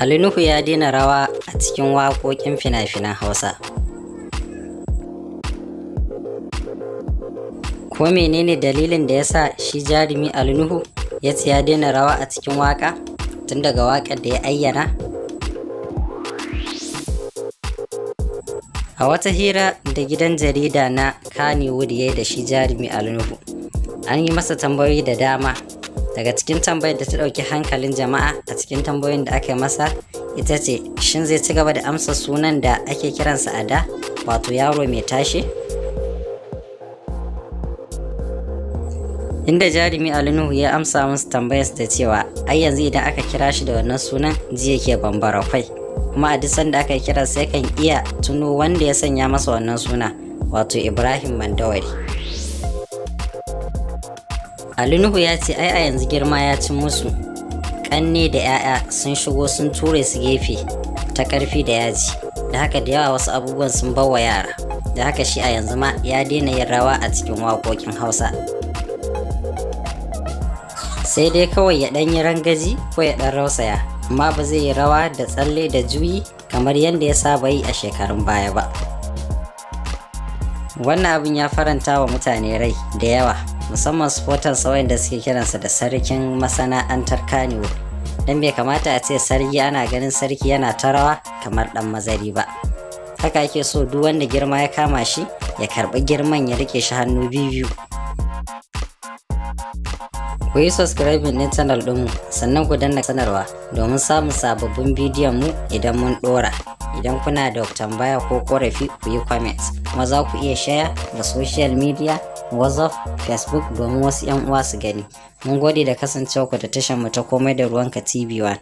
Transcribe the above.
Ali ya daina rawa a cikin waƙoƙin fina-finan Hausa. Ko menene dalilin da ya sa shi jarumi Ali ya ce ya daina rawa a cikin waƙa tun daga waƙar da ya ayyana? A wata hira da gidan jarida na Kannywood ya da shi jarumi Ali an yi masa tambayoyi da dama daga cikin tambayar da ta ɗauki hankalin jama'a a cikin tambayoyin da aka yi masa ita ce shin zai ci gaba da amsa sunan da ake kiransa a da wato yaro mai tashi inda jarumi alinuhu ya amsa musu tambayarsa da cewa ai yanzu idan aka kira shi da wannan sunan ji yake bambara kwai kuma a duk sanda aka kira sai kan iya tuno wanda ya sanya masa wannan suna wato ibrahim mandawari Ali Nuhu ya ce ai a yanzu girma ya cin musu. Kanne da 'ya'ya sun shigo sun ture su gefe ta ƙarfi da yaji. Da haka da yawa wasu abubuwan sun bawa yara. Da haka shi a yanzu ma ya daina yin rawa a cikin waƙoƙin Hausa. Sai dai kawai ya ɗan yi rangaji ko ya ɗan rausaya, amma ba zai yi rawa da tsalle da juyi kamar yadda ya saba yi a shekarun baya ba. Wannan abin ya faranta wa mutane rai da yawa musamman sauyin da suke kiransa da sarkin masana'antar kaniwo don bai kamata a ce sarki ana ganin sarki yana tarawa kamar dan mazari ba haka ake so duk wanda girma ya kama shi ya karbi girman ya rike shi hannu biyu ku yi subscribing din channel ɗinmu sannan ku danna sanarwa domin samun sababbin bidiyon mu idan mun ɗora idan kuna da tambaya ko korafi ku yi comment kuma za ku iya share da social media whatsapp facebook domin wasu 'yan uwa su gani mun gode da kasancewa ku da tashar mu ta komai da ruwanka tv1